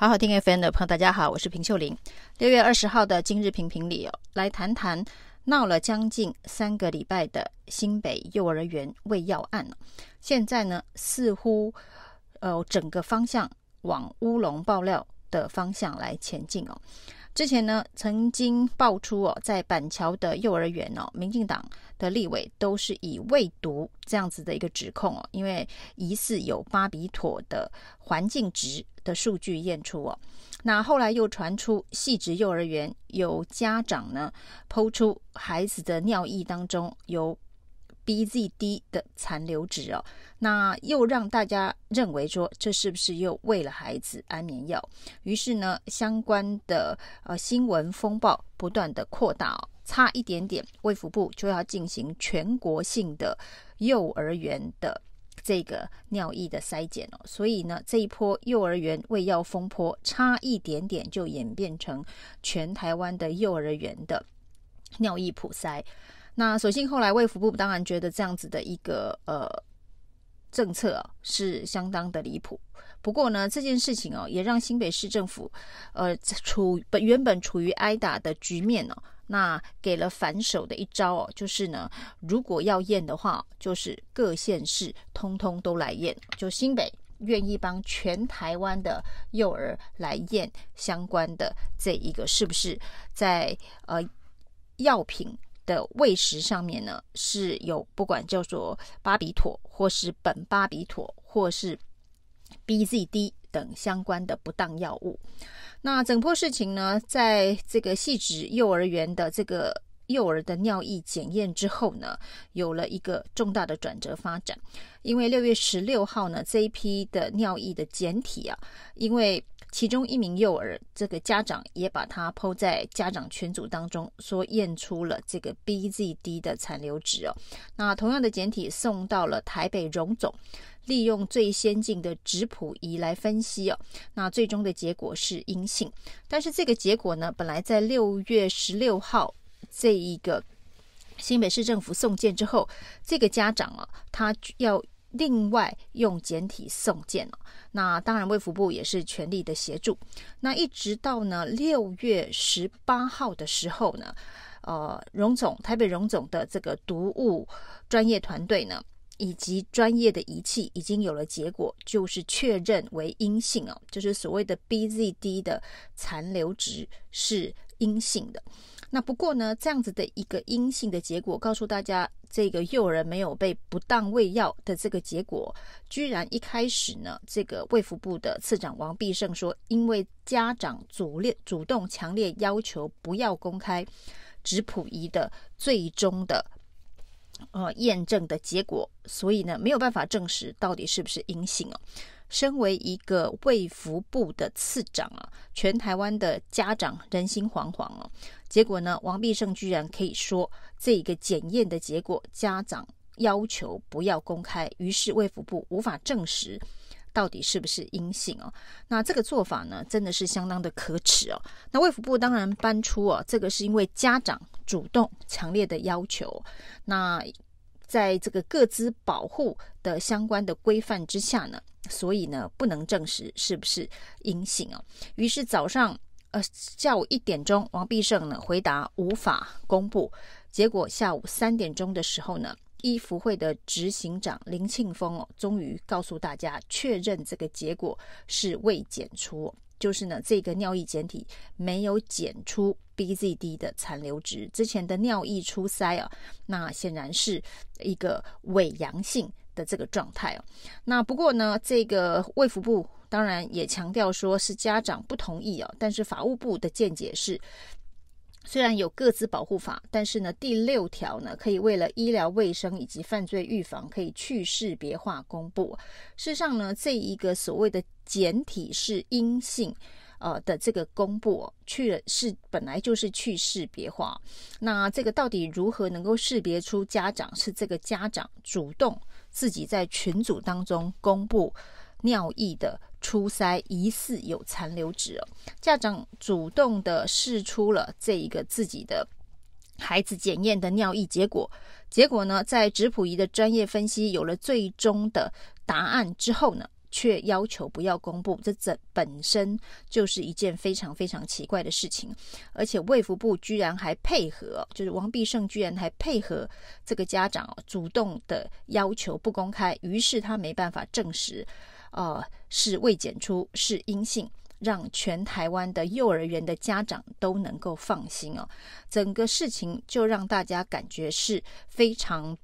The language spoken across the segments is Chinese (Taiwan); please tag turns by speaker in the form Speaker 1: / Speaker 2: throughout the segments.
Speaker 1: 好好聽 FM 的朋友，大家好，我是平秀玲。六月二十號的今日評評理哦，來談談鬧了將近三個禮拜的新北幼兒園餵藥案了。現在呢，似乎呃整個方向往烏龍爆料的方向來前進哦。之前呢，曾經爆出哦，在板橋的幼兒園哦，民進黨的立委都是以餵毒這樣子的一個指控哦，因為疑似有巴比妥的環境值的數據驗出哦，那後來又傳出汐止幼兒園有家長呢，剖出孩子的尿液當中有由 BZD 的殘留值哦，那又讓大家認為說這是不是又餵了孩子安眠藥？於是呢，相關的呃新聞風暴不斷的擴大哦，差一點點，衛福部就要進行全國性的幼兒園的這個尿液的篩檢哦。所以呢，這一波幼兒園餵藥風波，差一點點就演變成全台灣的幼兒園的尿液普篩。那所幸後來衛福部當然覺得這樣子的一個呃政策啊是相當的離譜。不過呢，這件事情哦也讓新北市政府呃處本原本處於挨打的局面哦，那給了反手的一招哦，就是呢，如果要驗的話，就是各縣市通通都來驗，就新北願意幫全台灣的幼兒來驗相關的這一個是不是在呃藥品。的餵食上面呢，是有不管叫做巴比妥或是苯巴比妥或是 BZD 等相關的不當藥物。那整破事情呢，在這個細緻幼兒園的這個幼兒的尿液檢驗之後呢，有了一個重大的轉折發展。因為六月十六號呢，這一批的尿液的檢體啊，因為其中一名幼兒，這個家長也把他 po 在家長群組當中，說驗出了這個 BZD 的殘留值哦。那同樣的檢體送到了台北榮總，利用最先進的質譜儀來分析哦。那最終的結果是陰性。但是這個結果呢，本來在六月十六號這一個新北市政府送件之後，這個家長啊，他要。另外用簡體送檢哦，那當然衛福部也是全力的協助。那一直到呢六月十八號的時候呢，呃，榮總台北榮總的這個毒物專業團隊呢，以及專業的儀器已經有了結果，就是確認為陰性哦，就是所謂的 B Z D 的殘留值是陰性的。那不過呢，這樣子的一個陰性的結果告訴大家，這個幼兒沒有被不當餵藥的這個結果，居然一開始呢，這個衛福部的次長王必勝說，因為家長主列主動強烈要求不要公開質譜儀的最終的。呃，驗證的結果，所以呢，沒有辦法證實到底是不是陰性哦。身為一個衛福部的次長啊，全台灣的家長人心惶惶哦。結果呢，王必勝居然可以說這個檢驗的結果，家長要求不要公開，於是衛福部無法證實到底是不是陰性哦。那這個做法呢，真的是相當的可恥哦。那衛福部當然搬出哦、啊，這個是因為家長。主動強烈的要求，那在這個個資保護的相關的規範之下呢，所以呢，不能證實是不是陰性啊。於是早上呃，下午一點鐘，王必勝呢，回答無法公布。結果下午三點鐘的時候呢，醫福會的執行長林慶峰哦，終於告訴大家確認這個結果是未檢出。就是呢，這個尿液檢體沒有檢出 BZD 的殘留值，之前的尿液初篩啊，那顯然是一個偽陽性的這個狀態哦、啊。那不過呢，這個衛福部當然也強調說是家長不同意哦、啊，但是法務部的見解是。雖然有個資保護法，但是呢，第六條呢，可以為了醫療衛生以及犯罪預防，可以去識別化公布。事實上呢，這一個所謂的檢體是陰性，呃的這個公布，去了是本來就是去識別化。那這個到底如何能夠識別出家長是這個家長主動自己在群組當中公布尿液的？初篩疑似有殘留值哦，家長主動的釋出了這一個自己的孩子檢驗的尿液結果，結果呢，在質譜儀的專業分析有了最終的答案之後呢，卻要求不要公布，這本身就是一件非常非常奇怪的事情，而且衛福部居然還配合，就是王必勝居然還配合這個家長主動的要求不公開，於是他沒辦法證實。呃，是未檢出，是陰性，讓全台灣的幼兒園的家長都能夠放心哦。整個事情就讓大家感覺是非常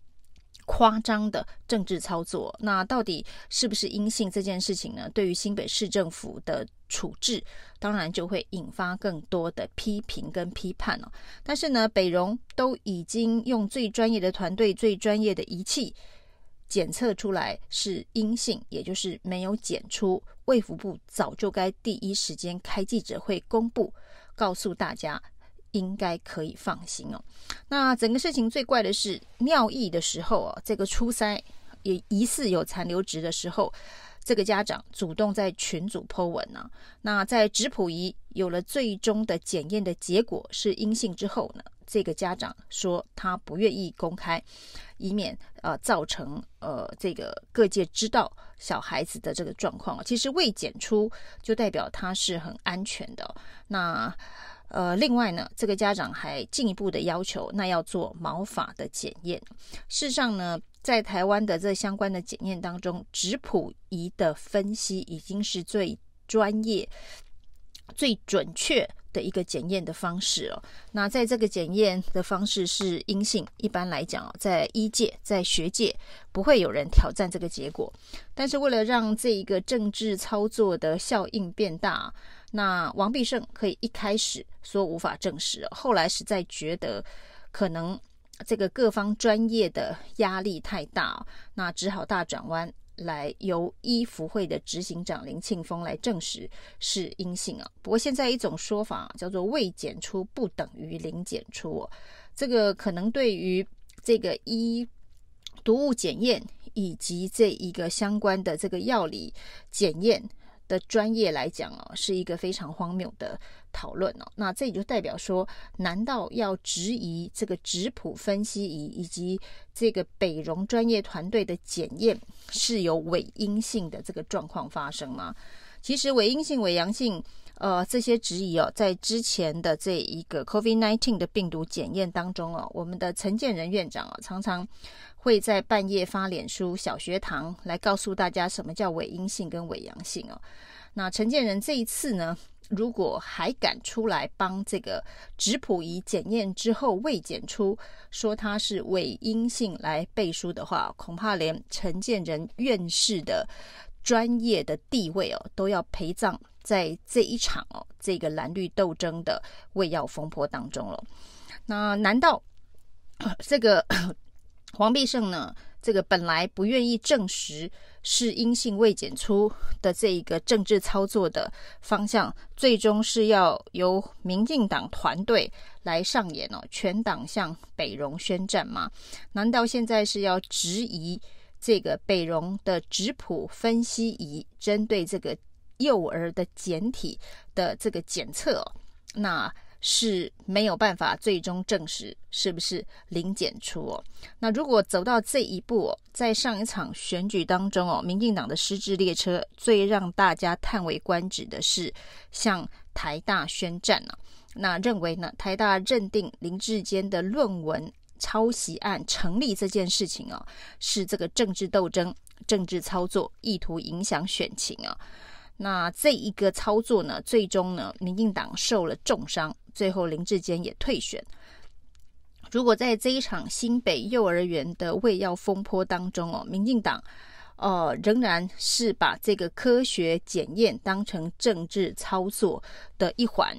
Speaker 1: 誇張的政治操作。那到底是不是陰性這件事情呢？對於新北市政府的處置，當然就會引發更多的批評跟批判哦，但是呢，北榮都已經用最專業的團隊、最專業的儀器。檢測出來是陰性，也就是沒有檢出。衛福部早就該第一時間開記者會公布，告訴大家應該可以放心哦。那整個事情最怪的是尿液的時候啊、哦，這個初篩，也疑似有殘留值的時候，這個家長主動在群組 po 文呢、啊。那在質譜儀有了最終的檢驗的結果是陰性之後呢，這個家長說他不願意公開，以免呃造成呃這個各界知道小孩子的這個狀況。其實未檢出就代表他是很安全的。那呃，另外呢，這個家長還進一步的要求，那要做毛髮的檢驗。事實上呢，在台灣的這相關的檢驗當中，質譜儀的分析已經是最專業、最準確。的一個檢驗的方式哦，那在這個檢驗的方式是陰性，一般來講哦，在醫界、在學界不會有人挑戰這個結果。但是為了讓這一個政治操作的效應變大，那王必勝可以一開始說無法證實，後來實在覺得可能這個各方專業的壓力太大，那只好大轉彎。來由醫福會的執行長林慶豐來證實是陰性啊。不過現在一種說法啊，叫做未檢出不等於零檢出啊，這個可能對於這個醫毒物檢驗以及這一個相關的這個藥理檢驗。的專業來講啊、哦，是一個非常荒謬的討論哦。那這也就代表說，難道要質疑這個質譜分析儀以及這個北榮專業團隊的檢驗是有偽陰性的這個狀況發生嗎？其實偽陰性、偽陽性，呃，這些質疑哦，在之前的這一個 COVID-19 的病毒檢驗當中哦，我們的陳建仁院長啊、哦，常常會在半夜發臉書小學堂來告訴大家什麼叫偽陰性跟偽陽性哦。那陳建仁這一次呢，如果還敢出來幫這個質譜儀檢驗之後未檢出，說他是偽陰性來背書的話，恐怕連陳建仁院士的。專業的地位哦，都要陪葬在這一場哦，這個藍綠鬥爭的餵藥風波當中了。那難道這個王必勝呢，這個本來不願意證實是陰性未檢出的這一個政治操作的方向，最終是要由民進黨團隊來上演哦，全黨向北榮宣戰嗎？難道現在是要質疑，這個北榮的質譜分析儀針對這個幼兒的檢體的這個檢測、哦，那是沒有辦法最終證實是不是零檢出哦。那如果走到這一步、哦、在上一場選舉當中哦，民進黨的失智列車最讓大家嘆為觀止的是向台大宣戰吶、啊，那認為呢台大認定林智堅的論文。抄襲案成立這件事情哦、啊，是這個政治鬥爭、政治操作意圖影響選情啊。那這一個操作呢，最終呢，民進黨受了重傷，最後林智堅也退選。如果在這一場新北幼兒園的餵藥風波當中哦、啊，民進黨呃仍然是把這個科學檢驗當成政治操作的一環，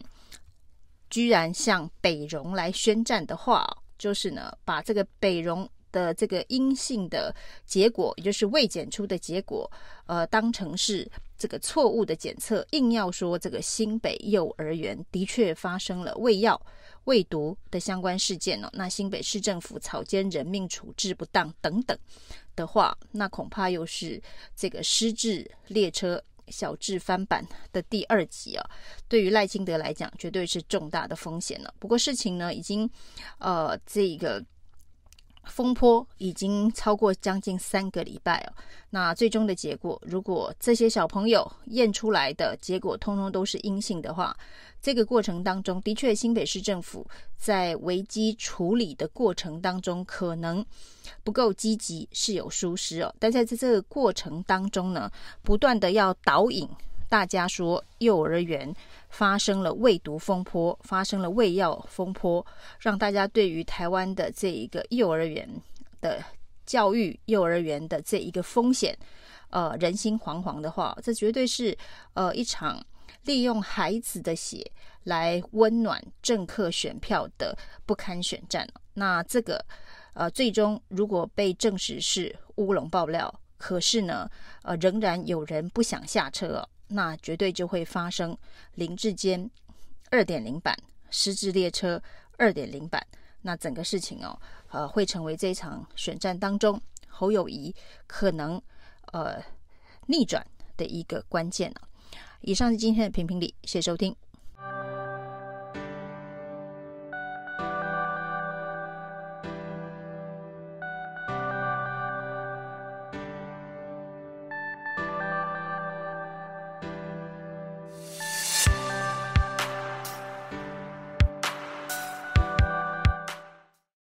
Speaker 1: 居然向北榮來宣戰的話、啊。就是呢，把這個北榮的這個陰性的結果，也就是未檢出的結果，呃，當成是這個錯誤的檢測，硬要說這個新北幼兒園的確發生了餵藥餵毒的相關事件哦。那新北市政府草菅人命、處置不當等等的話，那恐怕又是這個失智列車。小智翻版的第二集啊，對於賴清德來講，絕對是重大的風險了。不過事情呢，已經呃，這個。風波已經超過將近三個禮拜哦。那最終的結果，如果這些小朋友驗出來的結果通通都是陰性的話，這個過程當中，的確新北市政府在危機處理的過程當中，可能不夠積極，是有疏失哦。但在這這個過程當中呢，不斷的要導引。大家說幼兒園發生了餵毒風波，發生了餵藥風波，讓大家對於台灣的這一個幼兒園的教育、幼兒園的這一個風險，呃，人心惶惶的話，這絕對是呃一場利用孩子的血來溫暖政客選票的不堪選戰。那這個呃，最終如果被證實是烏龍爆料，可是呢，呃，仍然有人不想下車。哦。那絕對就會發生林智堅二點零版、失智列車二點零版，那整個事情哦，呃，會成為這一場選戰當中侯友宜可能呃逆轉的一個關鍵了，啊。以上是今天的評評理，謝謝收聽。